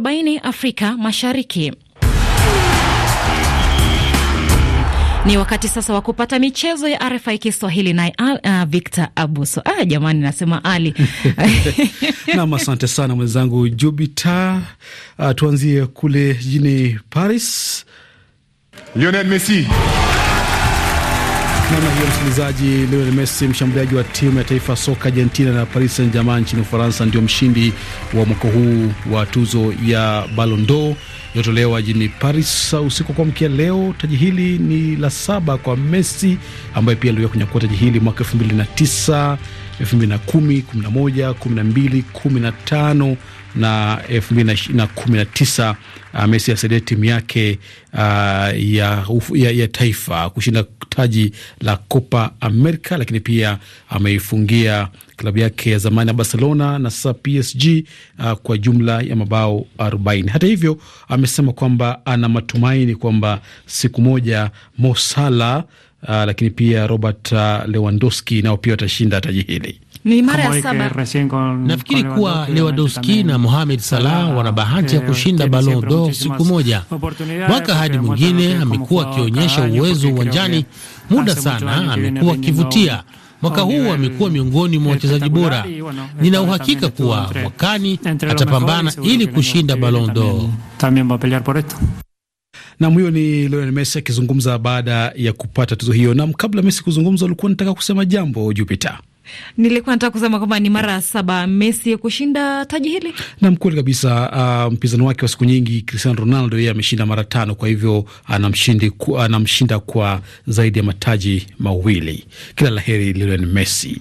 40 Afrika Mashariki. Ni wakati sasa wa kupata michezo ya RFI Kiswahili naye uh, Victor Abuso. Ah, jamani nasema Ali nam, asante sana mwenzangu Jubita. Uh, tuanzie kule jijini Paris, Lionel Messi namna hiyo msikilizaji, Lionel Messi mshambuliaji wa timu ya taifa soka Argentina na Paris Saint Germain nchini Ufaransa ndio mshindi wa mwaka huu wa tuzo ya Ballon d'Or iliyotolewa jini Paris usiku kwa mkia leo. Taji hili ni la saba kwa Messi ambaye pia aliwahi kunyakua taji hili mwaka 2009, 2010, 11, 12, 15 na elfu mbili na kumi na tisa uh, Messi asaidia timu yake uh, ya, ya, ya taifa kushinda taji la Copa America, lakini pia ameifungia klabu yake ya zamani ya Barcelona na sasa PSG uh, kwa jumla ya mabao 40. Hata hivyo amesema kwamba ana matumaini kwamba siku moja Mo Salah uh, lakini pia Robert uh, Lewandowski nao pia watashinda taji hili ni mara ya saba. Nafikiri kuwa Lewandowski na Mohamed Salah wana bahati ya eh, kushinda Ballon d'Or siku moja. Mwaka hadi mwingine amekuwa akionyesha uwezo uwanjani muda sana, amekuwa akivutia. Mwaka huu amekuwa miongoni mwa wachezaji bora. Nina uhakika kuwa mwakani atapambana ili kushinda Ballon d'Or. Nam, huyo ni Lionel Messi akizungumza baada ya kupata tuzo hiyo. Nam, kabla Messi kuzungumza, ulikuwa nataka kusema jambo Jupiter. Nilikuwa nataka kusema kwamba ni mara saba Messi kushinda taji hili. Naam, kweli kabisa. Uh, mpinzani wake wa siku nyingi Cristiano Ronaldo yeye ameshinda mara tano, kwa hivyo anamshindi, anamshinda kwa zaidi ya mataji mawili. Kila la heri Lionel Messi.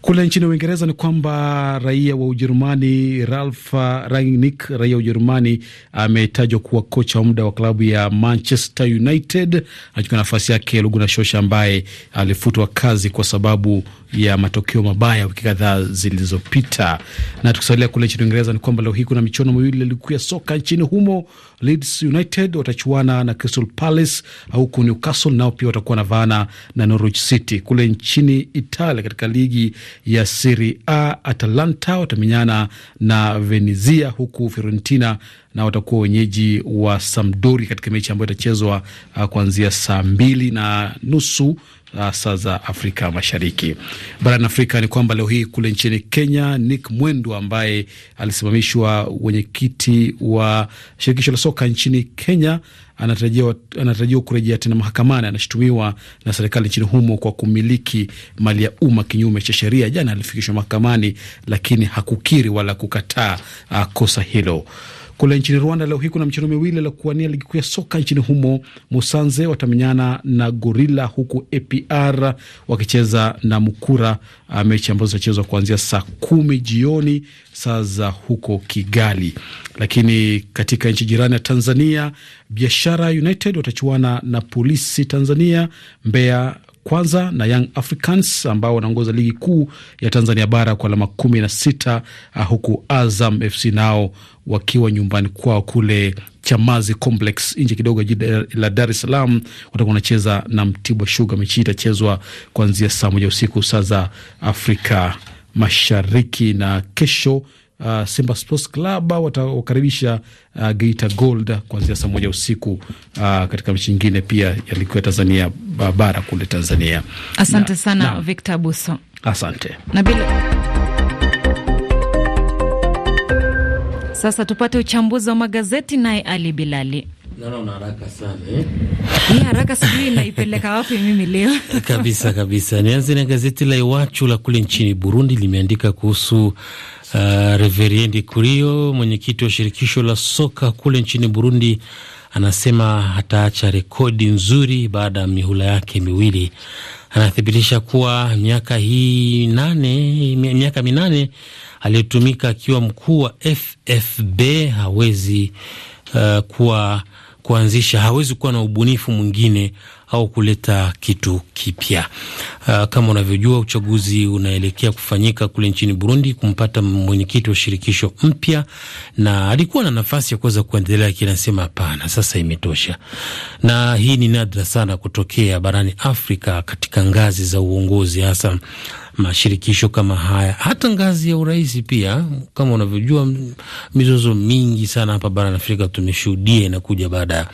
Kule nchini Uingereza ni kwamba raia wa Ujerumani Ralf Rangnick, raia wa Ujerumani ametajwa kuwa kocha wa muda wa klabu ya Manchester United, anachukua nafasi yake Luguna Shosha ambaye alifutwa kazi kwa sababu ya matokeo mabaya wiki kadhaa zilizopita. Na tukisalia kule nchini Uingereza ni kwamba leo hii kuna michuano miwili ya ligi ya soka nchini humo. Leeds United watachuana na Crystal Palace, huku Newcastle nao pia watakuwa na vaana na Norwich City. Kule nchini Italia, katika ligi ya Serie A, Atalanta watamenyana na Venezia, huku Fiorentina na watakuwa wenyeji wa Sampdoria katika mechi ambayo itachezwa uh, kuanzia saa mbili na nusu uh, za Afrika Mashariki. Barani Afrika ni kwamba leo hii kule nchini Kenya, Nick mwendo ambaye alisimamishwa wenyekiti wa shirikisho la soka nchini Kenya anatarajiwa kurejea tena mahakamani. Anashutumiwa na serikali nchini humo kwa kumiliki mali ya umma kinyume cha sheria. Jana alifikishwa mahakamani, lakini hakukiri wala kukataa uh, kosa hilo. Kule nchini Rwanda leo hii kuna michezo miwili la kuwania ligi kuu ya soka nchini humo. Musanze watamenyana na Gorila huku APR wakicheza na Mukura, ah, mechi ambazo zitachezwa kuanzia saa kumi jioni saa za huko Kigali. Lakini katika nchi jirani ya Tanzania, Biashara United watachuana na Polisi Tanzania. Mbeya kwanza na Young Africans ambao wanaongoza ligi kuu ya Tanzania bara kwa alama kumi na sita ah, huku Azam FC nao wakiwa nyumbani kwao kule Chamazi Complex nje kidogo ya jiji la Dar es Salaam watakuwa wanacheza na Mtibwa Sugar. Mechi itachezwa kuanzia saa moja usiku saa za Afrika Mashariki na kesho uh, Simba Sports Club watakaribisha uh, Geita Gold kuanzia saa moja usiku uh, katika mechi nyingine pia yalikuwa Tanzania uh, bara kule Tanzania. Asante na, sana na, Victor Buso, asante na bila Sasa tupate uchambuzi wa magazeti naye Ali Bilali. Naona una haraka sana eh? haraka sijui naipeleka wapi mimi leo. Kabisa kabisa. Nianze na gazeti la Iwachu la kule nchini Burundi limeandika kuhusu Uh, Reverendi Kurio, mwenyekiti wa shirikisho la soka kule nchini Burundi, anasema ataacha rekodi nzuri baada ya mihula yake miwili. Anathibitisha kuwa miaka hii nane, miaka minane aliyotumika akiwa mkuu wa FFB hawezi uh, kuwa kuanzisha hawezi kuwa na ubunifu mwingine au kuleta kitu kipya. Uh, kama unavyojua uchaguzi unaelekea kufanyika kule nchini Burundi kumpata mwenyekiti wa shirikisho mpya, na alikuwa na nafasi ya kuweza kuendelea, lakini anasema hapana, sasa imetosha. Na hii ni nadra sana kutokea barani Afrika katika ngazi za uongozi hasa mashirikisho kama haya, hata ngazi ya urais pia. Kama unavyojua, mizozo mingi sana hapa barani Afrika tumeshuhudia inakuja baada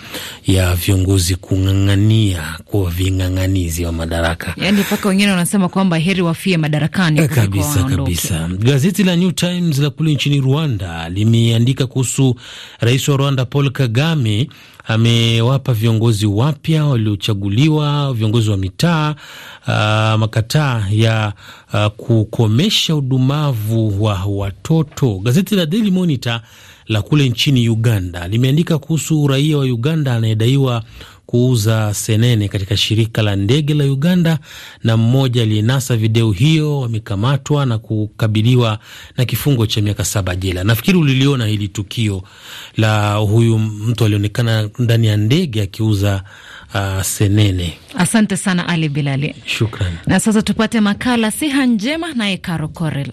ya viongozi kung'ang'ania kuwa ving'ang'anizi wa madaraka, yani mpaka wengine wanasema kwamba heri wafie madarakani kabisa kabisa. Gazeti la New Times la kule nchini Rwanda limeandika kuhusu rais wa Rwanda Paul Kagame amewapa viongozi wapya waliochaguliwa, viongozi wa mitaa uh, makataa ya uh, kukomesha udumavu wa watoto. Gazeti la Daily Monitor la kule nchini Uganda limeandika kuhusu raia wa Uganda anayedaiwa kuuza senene katika shirika la ndege la Uganda, na mmoja aliyenasa video hiyo wamekamatwa na kukabiliwa na kifungo cha miaka saba jela. Nafikiri uliliona hili tukio la huyu mtu alionekana ndani ya ndege akiuza Uh, senene. Asante sana Ali Bilali, shukran. Na sasa tupate makala siha njema naye Karo Korel.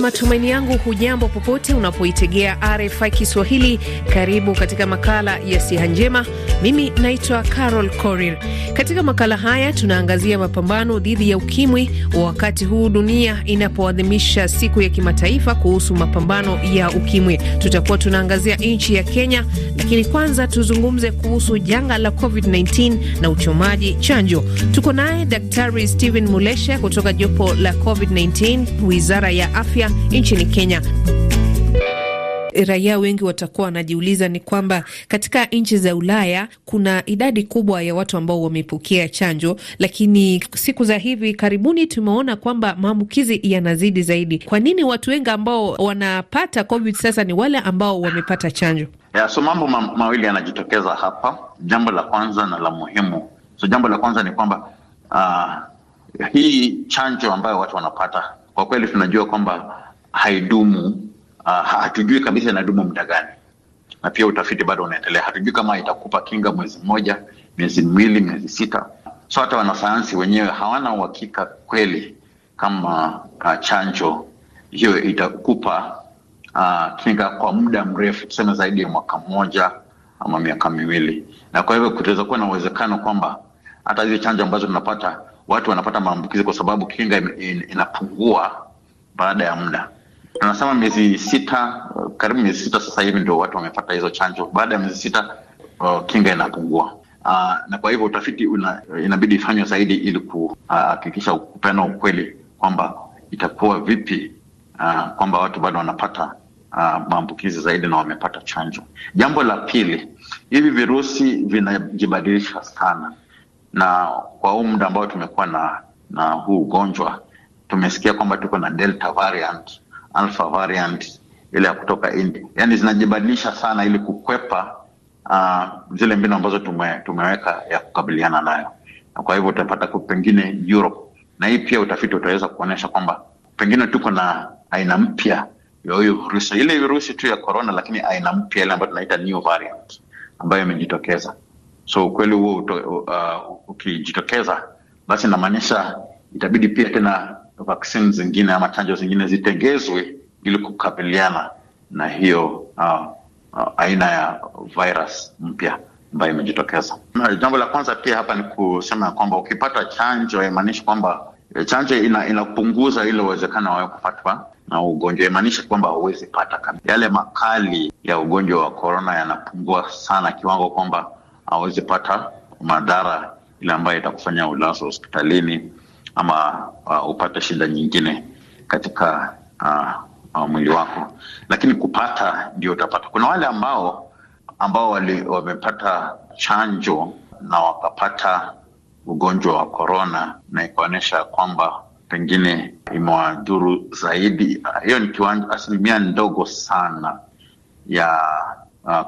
matumaini yangu hujambo popote unapoitegea RFI Kiswahili. Karibu katika makala ya siha njema. Mimi naitwa Carol Korir. Katika makala haya tunaangazia mapambano dhidi ya ukimwi, wakati huu dunia inapoadhimisha siku ya kimataifa kuhusu mapambano ya ukimwi. Tutakuwa tunaangazia nchi ya Kenya, lakini kwanza tuzungumze kuhusu janga la COVID-19 na uchomaji chanjo. Tuko naye Daktari stehen Mulesha kutoka jopo la COVID-19, wizara ya afya nchini Kenya. Raia wengi watakuwa wanajiuliza ni kwamba katika nchi za Ulaya kuna idadi kubwa ya watu ambao wamepokea chanjo, lakini siku za hivi karibuni tumeona kwamba maambukizi yanazidi zaidi. Kwa nini watu wengi ambao wanapata COVID sasa ni wale ambao wamepata chanjo? Yeah, so mambo ma mawili yanajitokeza hapa, jambo la kwanza na la muhimu. So jambo la kwanza ni kwamba uh, hii chanjo ambayo watu wanapata kwa kweli tunajua kwamba haidumu. Uh, hatujui kabisa inadumu muda gani, na pia utafiti bado unaendelea. Hatujui kama itakupa kinga mwezi mmoja, miezi miwili, miezi sita. So hata wanasayansi wenyewe hawana uhakika kweli kama uh, chanjo hiyo itakupa uh, kinga kwa muda mrefu, tuseme zaidi ya mwaka mmoja ama miaka miwili, na kwa hivyo kutaweza kuwa na uwezekano kwamba hata hizo chanjo ambazo tunapata watu wanapata maambukizi kwa sababu kinga inapungua baada ya muda. Tunasema miezi sita, uh, karibu miezi sita sasa hivi ndio watu wamepata hizo chanjo. Baada ya miezi sita uh, kinga inapungua. Uh, na kwa hivyo utafiti una, inabidi ifanywe zaidi ili kuhakikisha uh, kupeana ukweli kwamba itakuwa vipi uh, kwamba watu bado wanapata uh, maambukizi zaidi na wamepata chanjo. Jambo la pili, hivi virusi vinajibadilisha sana na kwa huu muda ambao tumekuwa na na huu ugonjwa tumesikia kwamba tuko na delta variant, alpha variant ile ya kutoka India, yani zinajibadilisha sana ili kukwepa uh, zile mbinu ambazo tume, tumeweka ya kukabiliana nayo, na kwa hivyo utapata pengine Europe, na hii pia utafiti utaweza kuonyesha kwamba pengine tuko na aina mpya ya huyu virusi, ile virusi tu ya corona, lakini aina mpya ile ambayo tunaita new variant ambayo imejitokeza. So ukweli huo uh, ukijitokeza basi inamaanisha itabidi pia tena vaksini zingine ama chanjo zingine zitengezwe ili kukabiliana na hiyo uh, uh, aina ya virus mpya ambayo imejitokeza. Jambo la kwanza pia hapa ni kusema ya kwamba ukipata chanjo haimaanishi kwamba eh, chanjo ina, inapunguza ile uwezekano wawe kupatwa na ugonjwa, imaanishi kwamba huwezi pata Yale makali ya ugonjwa wa korona yanapungua sana kiwango kwamba hawezi pata madhara ile ambayo itakufanya ulazo hospitalini ama uh, upate shida nyingine katika uh, uh, mwili wako, lakini kupata ndio utapata. Kuna wale ambao ambao wali, wamepata chanjo na wakapata ugonjwa wa korona na ikaonyesha kwamba pengine imewadhuru zaidi. Hiyo ni kiwanja asilimia ndogo sana ya uh,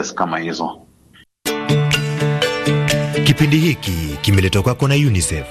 uh, kama hizo. Kipindi hiki kimeletwa kwako na UNICEF.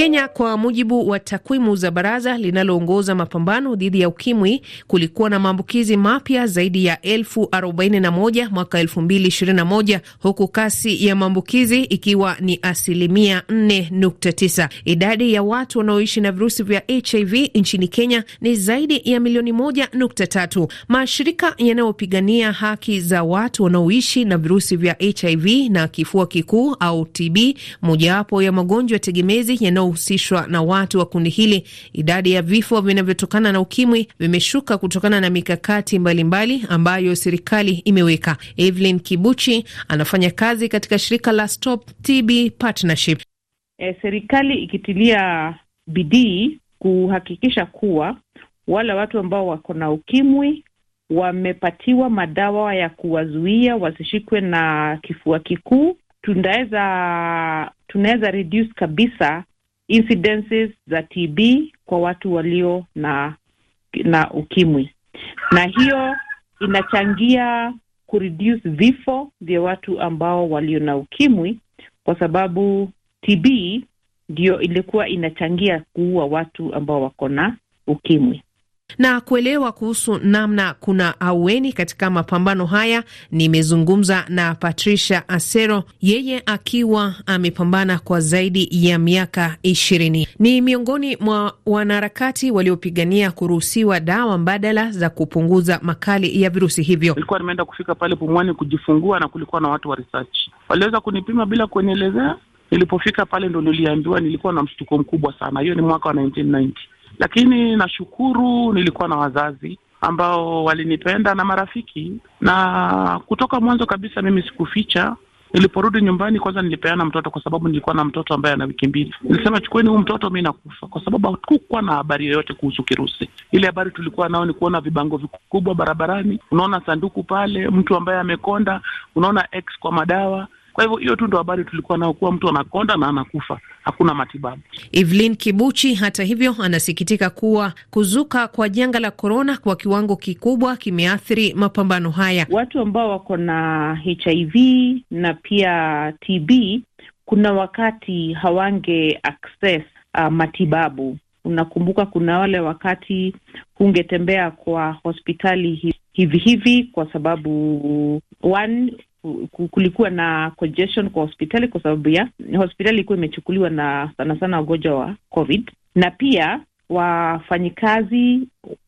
Kenya, kwa mujibu wa takwimu za baraza linaloongoza mapambano dhidi ya ukimwi, kulikuwa na maambukizi mapya zaidi ya elfu arobaini na moja mwaka elfu mbili ishirini na moja huku kasi ya maambukizi ikiwa ni asilimia nne nukta tisa. Idadi ya watu wanaoishi na virusi vya HIV nchini Kenya ni zaidi ya milioni moja nukta tatu. Mashirika yanayopigania haki za watu wanaoishi na virusi vya HIV na kifua kikuu au TB, mojawapo ya magonjwa tegemezi yanao wanaohusishwa na watu wa kundi hili, idadi ya vifo vinavyotokana na ukimwi vimeshuka kutokana na mikakati mbalimbali mbali ambayo serikali imeweka. Evelyn Kibuchi anafanya kazi katika shirika la Stop TB Partnership. E, serikali ikitilia bidii kuhakikisha kuwa wale watu ambao wako na ukimwi wamepatiwa madawa ya kuwazuia wasishikwe na kifua kikuu. Tunaweza tunaweza reduce kabisa incidences za TB kwa watu walio na na ukimwi, na hiyo inachangia kureduce vifo vya watu ambao walio na ukimwi, kwa sababu TB ndio ilikuwa inachangia kuua watu ambao wako na ukimwi na kuelewa kuhusu namna kuna aweni katika mapambano haya, nimezungumza na Patricia Asero, yeye akiwa amepambana kwa zaidi ya miaka ishirini. Ni miongoni mwa wanaharakati waliopigania kuruhusiwa dawa mbadala za kupunguza makali ya virusi hivyo. Nilikuwa nimeenda kufika pale Pumwani kujifungua, na kulikuwa na watu wa research waliweza kunipima bila kunielezea. Nilipofika pale ndo niliambiwa, nilikuwa na mshtuko mkubwa sana. Hiyo ni mwaka wa 1990. Lakini nashukuru nilikuwa na wazazi ambao walinipenda na marafiki, na kutoka mwanzo kabisa mimi sikuficha. Niliporudi nyumbani, kwanza nilipeana mtoto, kwa sababu nilikuwa na mtoto ambaye ana wiki mbili. Nilisema chukueni huu mtoto, mi nakufa, kwa sababu hakukuwa na habari yoyote kuhusu kirusi. Ile habari tulikuwa nao ni kuona vibango vikubwa barabarani, unaona sanduku pale, mtu ambaye amekonda, unaona X kwa madawa kwa hivyo hiyo tu ndo habari tulikuwa nao, kuwa mtu anakonda na anakufa, hakuna matibabu. Evelyn Kibuchi hata hivyo anasikitika kuwa kuzuka kwa janga la korona kwa kiwango kikubwa kimeathiri mapambano haya. Watu ambao wako na HIV na pia TB kuna wakati hawange access uh, matibabu. Unakumbuka kuna wale wakati hungetembea kwa hospitali hivi hivi kwa sababu one, kulikuwa na congestion kwa hospitali kwa sababu ya hospitali ilikuwa imechukuliwa na sana sana wagonjwa wa COVID na pia wafanyikazi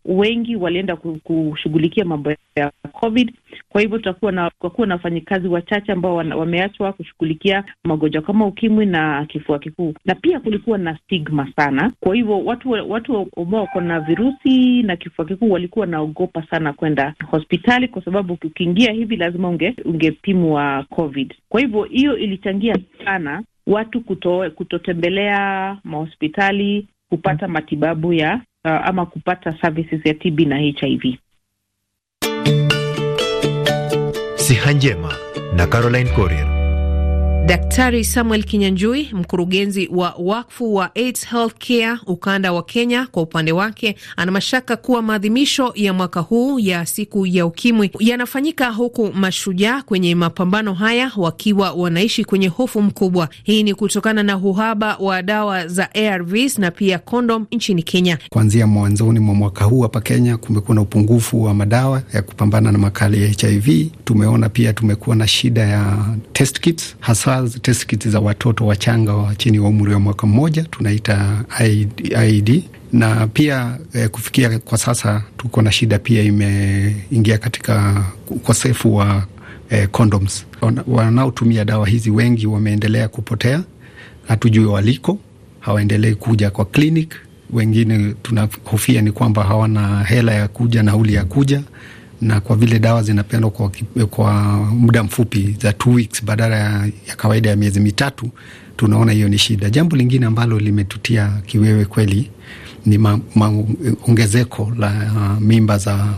wengi walienda kushughulikia mambo ya COVID. Kwa hivyo tutakuwa na kwa na wafanyikazi wachache ambao wameachwa kushughulikia magonjwa kama ukimwi na kifua kikuu, na pia kulikuwa na stigma sana. Kwa hivyo watu watu ambao wako na virusi na kifua kikuu walikuwa wanaogopa sana kwenda hospitali, kwa sababu ukiingia hivi lazima unge, ungepimwa COVID. Kwa hivyo hiyo ilichangia sana watu kuto, kutotembelea mahospitali kupata matibabu ya uh, ama kupata services ya TB na HIV. Siha Njema na Caroline Corrier. Daktari Samuel Kinyanjui, mkurugenzi wa wakfu wa AIDS Healthcare ukanda wa Kenya, kwa upande wake ana mashaka kuwa maadhimisho ya mwaka huu ya siku ya ukimwi yanafanyika huku mashujaa kwenye mapambano haya wakiwa wanaishi kwenye hofu mkubwa. Hii ni kutokana na uhaba wa dawa za ARVs na pia kondom nchini Kenya. Kuanzia mwanzoni mwa mwaka huu hapa Kenya kumekuwa na upungufu wa madawa ya kupambana na makali ya HIV. Tumeona pia tumekuwa na shida ya test kits hasa hasa za watoto wachanga wa chini wa umri wa mwaka mmoja tunaita id na pia eh, kufikia kwa sasa tuko na shida pia imeingia katika ukosefu wa eh, condoms. Wanaotumia dawa hizi wengi wameendelea kupotea, hatujui waliko, hawaendelei kuja kwa clinic. Wengine tunahofia ni kwamba hawana hela ya kuja, nauli ya kuja na kwa vile dawa zinapendwa kwa, kwa muda mfupi za two weeks badala ya kawaida ya miezi mitatu, tunaona hiyo ni shida. Jambo lingine ambalo limetutia kiwewe kweli ni ongezeko la uh, mimba za,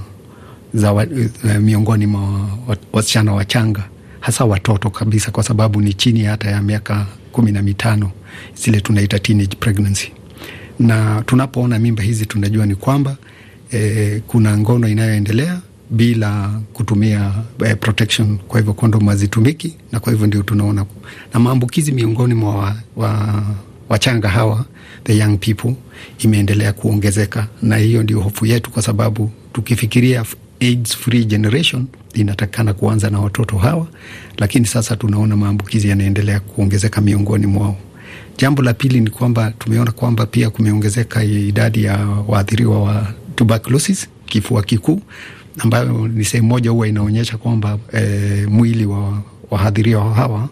za wa, uh, miongoni mwa wasichana wachanga hasa watoto kabisa, kwa sababu ni chini hata ya miaka kumi na mitano, zile tunaita teenage pregnancy. Na tunapoona mimba hizi tunajua ni kwamba eh, kuna ngono inayoendelea bila kutumia eh, protection. Kwa hivyo kondom hazitumiki, na kwa hivyo ndio tunaona na maambukizi miongoni mwa wachanga wa, wachanga hawa the young people imeendelea kuongezeka, na hiyo ndio hofu yetu, kwa sababu tukifikiria AIDS free generation inatakikana kuanza na watoto hawa, lakini sasa tunaona maambukizi yanaendelea kuongezeka miongoni mwao. Jambo la pili ni kwamba tumeona kwamba pia kumeongezeka idadi ya waathiriwa wa tuberculosis, kifua kikuu ambayo ni sehemu moja huwa inaonyesha kwamba e, mwili wa wahadhiria hawa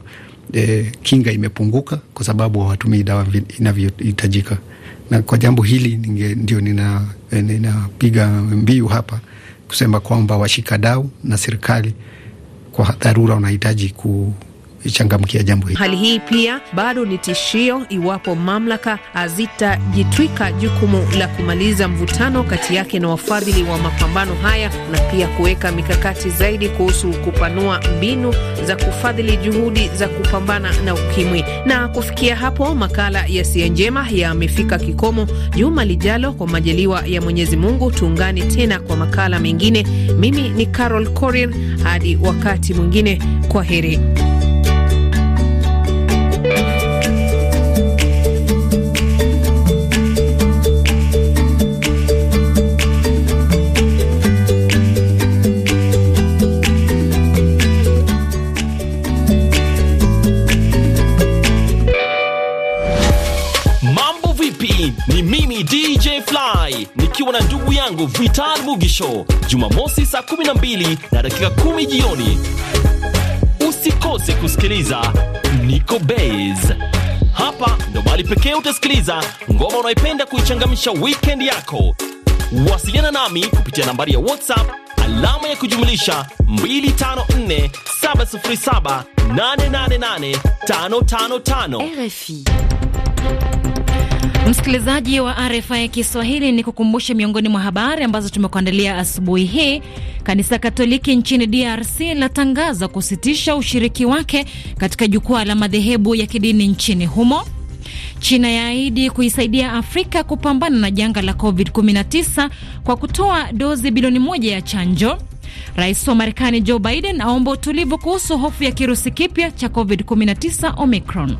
e, kinga imepunguka kwa sababu hawatumii dawa inavyohitajika. Na kwa jambo hili ninge, ndio e, ninapiga nina mbiu hapa kusema kwamba washikadau na serikali kwa dharura wanahitaji ku kuchangamkia jambo hili. Hali hii pia bado ni tishio iwapo mamlaka hazitajitwika jukumu la kumaliza mvutano kati yake na wafadhili wa mapambano haya na pia kuweka mikakati zaidi kuhusu kupanua mbinu za kufadhili juhudi za kupambana na ukimwi. Na kufikia hapo, makala ya Sia Njema yamefika kikomo. Juma lijalo, kwa majaliwa ya Mwenyezi Mungu, tuungane tena kwa makala mengine. Mimi ni Carol Corin, hadi wakati mwingine, kwa heri. Hai nikiwa na ndugu yangu Vital Mugisho, Jumamosi saa 12 na dakika 10 jioni. Usikose kusikiliza Niko bas Hapa ndo bali pekee utasikiliza ngoma unaipenda kuichangamsha weekend yako. Wasiliana nami kupitia nambari ya WhatsApp alama ya kujumlisha 254 707 888 555 RFI. Msikilizaji wa RFI Kiswahili, ni kukumbushe miongoni mwa habari ambazo tumekuandalia asubuhi hii. Kanisa Katoliki nchini DRC latangaza kusitisha ushiriki wake katika jukwaa la madhehebu ya kidini nchini humo. China yaahidi kuisaidia Afrika kupambana na janga la COVID-19 kwa kutoa dozi bilioni moja ya chanjo. Rais wa Marekani Joe Biden aomba utulivu kuhusu hofu ya kirusi kipya cha COVID-19 Omicron.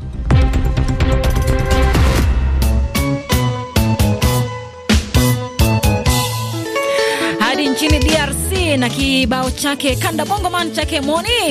nchini DRC na kibao chake kanda bongo man chake Moni.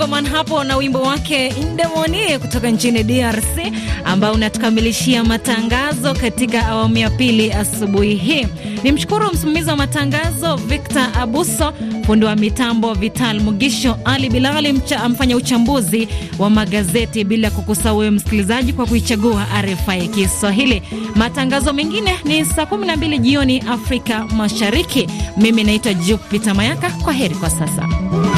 Bongoman hapo na wimbo wake Ndemoni kutoka nchini DRC ambao unatukamilishia matangazo katika awamu ya pili asubuhi hii. Ni mshukuru msimamizi wa matangazo Victor Abuso, fundi wa mitambo Vital Mugisho, Ali Bilali mcha, amfanya uchambuzi wa magazeti, bila kukusahau wewe msikilizaji kwa kuichagua RFI Kiswahili. Matangazo mengine ni saa 12 jioni Afrika Mashariki. Mimi naitwa Jupita Mayaka. Kwa heri kwa sasa.